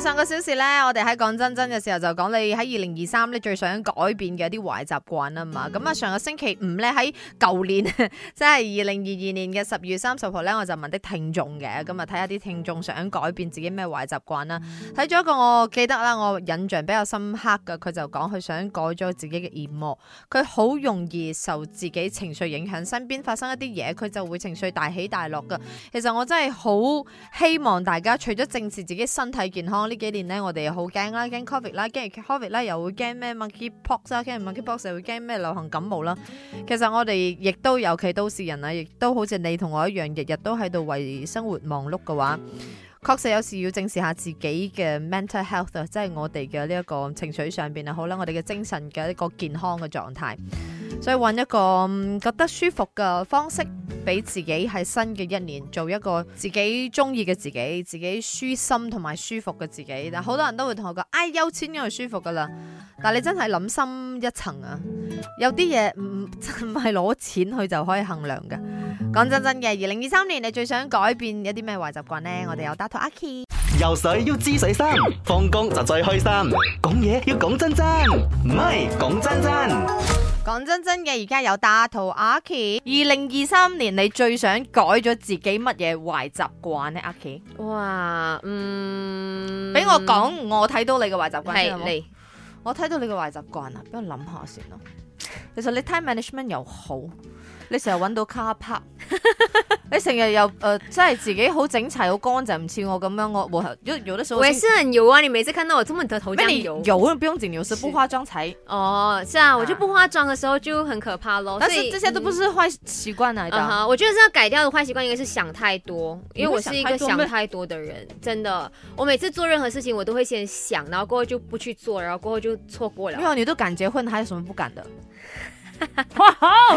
上個小時呢，我哋喺講真真嘅時候就講你喺二零二三，你最想改變嘅啲壞習慣啊嘛。咁啊，上個星期五呢，喺舊年，呵呵即係二零二二年嘅十月三十號呢，我就問啲聽眾嘅，咁啊睇下啲聽眾想改變自己咩壞習慣啦。睇咗一個我記得啦，我印象比較深刻嘅，佢就講佢想改咗自己嘅耳膜。佢好容易受自己情緒影響，身邊發生一啲嘢，佢就會情緒大起大落噶。其實我真係好希望大家除咗正視自己身體健康。呢幾年呢，我哋好驚啦，驚 Covid 啦，驚 Covid 啦，又會驚咩 Monkeypox 啦，驚 Monkeypox 又會驚咩流行感冒啦。其實我哋亦都，尤其都市人啊，亦都好似你同我一樣，日日都喺度為生活忙碌嘅話，確實有時要正視下自己嘅 mental health，即係我哋嘅呢一個情緒上邊啊，好啦，我哋嘅精神嘅一個健康嘅狀態，所以揾一個覺得舒服嘅方式。俾自己喺新嘅一年做一個自己中意嘅自己，自己舒心同埋舒服嘅自己。但好多人都會同我講，哎，有錢因為舒服噶啦。但你真係諗深一層啊，有啲嘢唔唔係攞錢去就可以衡量嘅。講真真嘅，二零二三年你最想改變一啲咩壞習慣呢？我哋有得同阿 Key。游水要知水深，放工就最開心。講嘢要講真真，唔係講真真。講真真嘅，而家有大圖阿 Key。二零二三年，你最想改咗自己乜嘢壞習慣呢？阿 Key？哇，嗯，俾我講、嗯，我睇到你嘅壞習慣，係，我睇到你嘅壞習慣啊，俾我諗下先咯。其實你 time management 又好，你成日搵到 car park 你成日又呃，即係自己好整齊，好乾淨，唔似我咁樣，我我有啲時候是。我也是很油啊！你每次看到我這麼，根本的頭上有油，不用整油是，不化妝才。哦，是啊，啊，我就不化妝的時候就很可怕咯。但是這些都不是壞習慣嚟的。嗯 uh -huh，我覺得要改掉的壞習慣應該是想太多，因為我是一個想太多的人，真的。我每次做任何事情，我都會先想，然後過後就不去做，然後過後就錯過了。沒有，你都敢結婚，還有什麼不敢的？哇！好。